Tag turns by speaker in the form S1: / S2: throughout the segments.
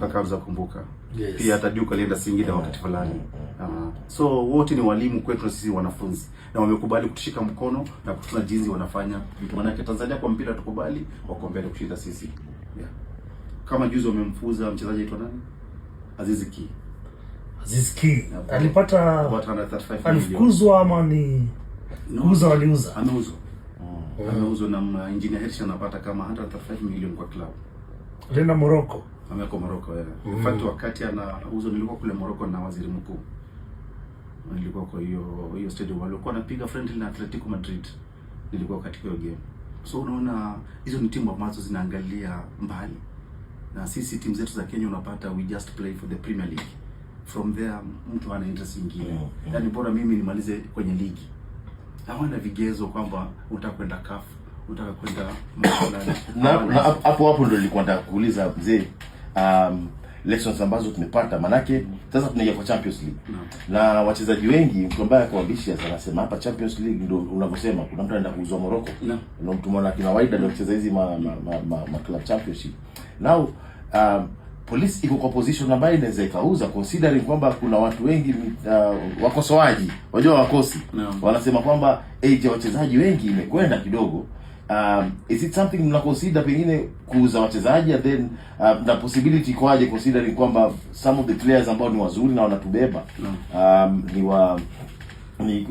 S1: kakaza kumbuka yes. Pia hata juu alienda Singida wakati fulani uh, so wote ni walimu kwetu na sisi wanafunzi, na wamekubali kutushika mkono na kutuna jinsi wanafanya vitu, manake Tanzania kwa mpira tukubali, wako mbele kushinda sisi yeah. Kama juzi wamemfuza mchezaji aitwa nani, Azizi Ki
S2: Azizi Ki alipata alifukuzwa ama ni kuuza, waliuza
S1: ameuzwa oh. ameuzwa na engineer Hersh anapata kama 135 milioni kwa klabu
S2: Alienda Morocco.
S1: Ameko Morocco yeye. Yeah. Mm. Fatu wakati anauzo nilikuwa kule Morocco na waziri mkuu. Nilikuwa kwa hiyo hiyo stadium walikuwa wanapiga friendly na Atletico Madrid. Nilikuwa katika hiyo game. So unaona hizo ni timu ambazo zinaangalia mbali. Na sisi timu zetu za Kenya unapata we just play for the Premier League. From there mtu ana interest nyingine. Yeah, mm, yeah. Mm. Yaani bora mimi nimalize kwenye ligi. Hawana vigezo kwamba utakwenda kafu utakwenda
S3: na hapo hapo ndo nilikuwa nataka kuuliza mzee, um, lessons ambazo tumepata, manake sasa tunaingia kwa Champions League no. na wachezaji wengi, mtu ambaye ako ambitious anasema hapa Champions League ndio unavyosema, kuna mtu anaenda kuuzwa Morocco no. na mtu mwana kina Wydad ndio kucheza hizi ma, ma, ma, ma, ma club championship now um, police iko kwa position na ambayo inaweza ikauza considering kwamba kuna watu wengi uh, wakosoaji wajua wakosi no. wanasema kwamba age ya wachezaji wengi imekwenda kidogo um, is it something mna consider pengine kuuza wachezaji and then um, the possibility ikoaje considering kwamba some of the players ambao ni wazuri na wanatubeba um, ni wa ni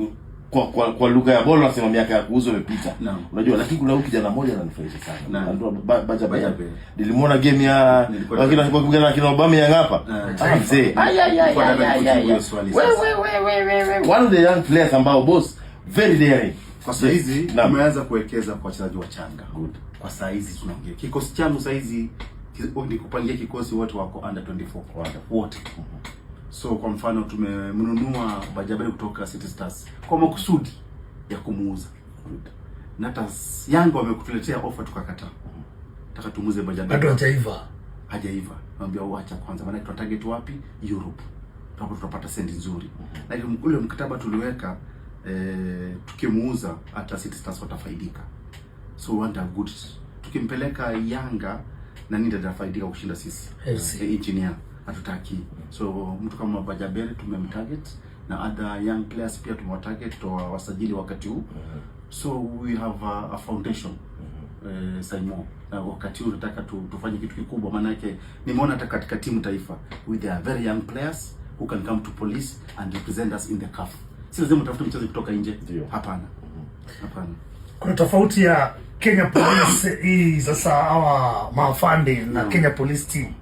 S3: kwa kwa, kwa lugha ya bolo nasema miaka ya kuuza imepita no. Unajua, lakini kuna huyu kijana mmoja ananifurahisha sana no. Ba, baja baja nilimuona game ya lakini alipokuwa kupigana na Obama yang hapa ah, mzee one of the young players ambao boss very daring
S1: kwa saizi yes. tumeanza kuwekeza kwa wachezaji wachanga. Good. Kwa saizi hizi tunaongea. Kikosi changu saizi hizi oh, ni kupangia kikosi wote wako under 24 wote. Mm-hmm. So kwa mfano tumemnunua Bajabari kutoka City Stars kwa makusudi ya kumuuza. Good. Na hata Yanga wamekutuletea offer tukakata mm mm-hmm. tukakataa. Nataka tumuuze Bajabari.
S2: Bado hajaiva.
S1: Hajaiva. Naambia uacha oh, kwanza maana tuna target wapi? Europe. Hapo tutapata sendi nzuri. mm -hmm. Lakini ule mkataba tuliweka eh, tukimuuza hata City Stars watafaidika, so we want a good. Tukimpeleka Yanga na nini atafaidika kushinda sisi eh, engineer hatutaki. So mtu kama Bajabere tumemtarget na other young players pia tumewatarget to wasajili wakati huu, mm-hmm. so we have a, a foundation mm-hmm. eh, Saimo na wakati huu nataka tu, tufanye kitu kikubwa, maana yake nimeona hata katika timu taifa with their very young players who can come to police and represent us in the CAF si lazima utafute mchezo kutoka nje. Hapana, mhm.
S2: hapana. Kuna tofauti ya Kenya Police hii sasa hawa maafande na Kenya Police team.